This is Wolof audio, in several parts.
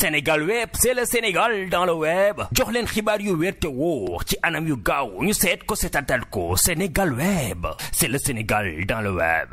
Sénégal web c'est le Sénégal dans le web jox leen et yu wér wo, ci anam yu gaaw ñu sét ko ko Sénégal web c'est le Sénégal dans le web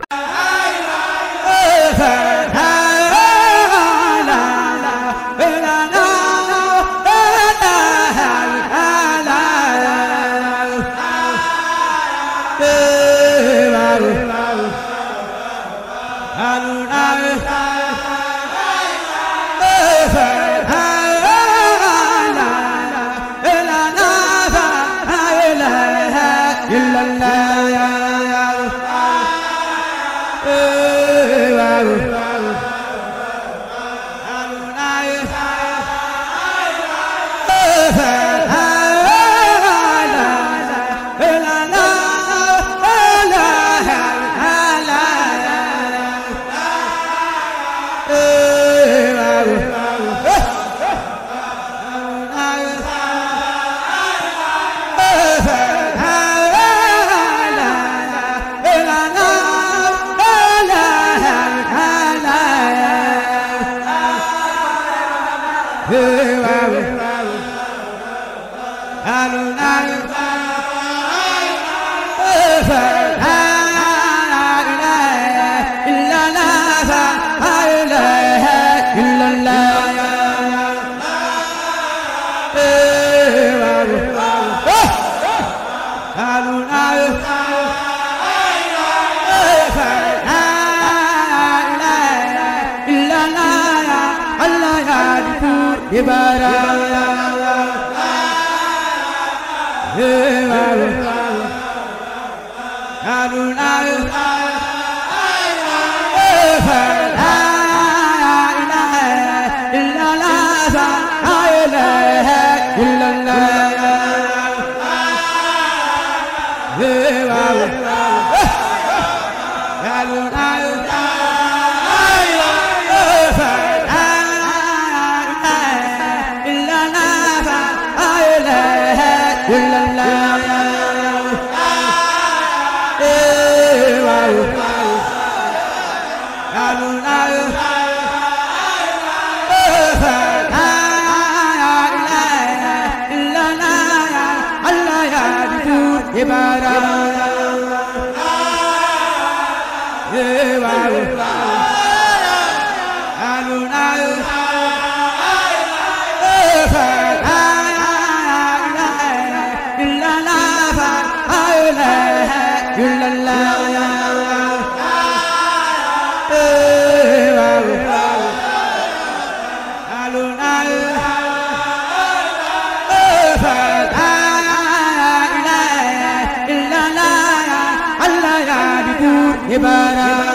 ينال قالوا Ibadah ibarat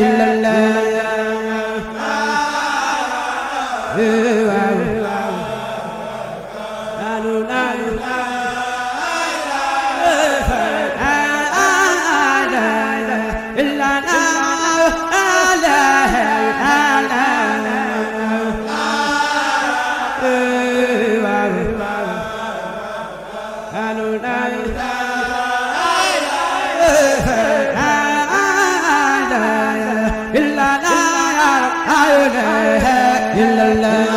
إلا الله illallah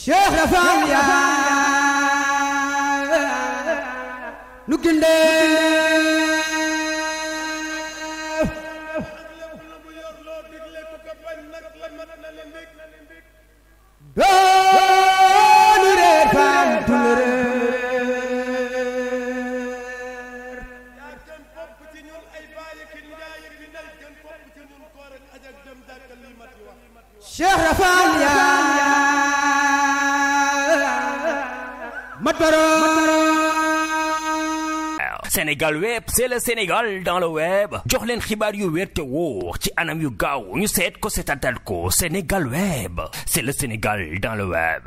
Cheikh Rafal yaa nu gindee Sénégal web c'est le Sénégal dans le web Jorlen leen yu wér te ci anam yu gaaw ñu sét ko Sénégal web c'est le Sénégal dans le web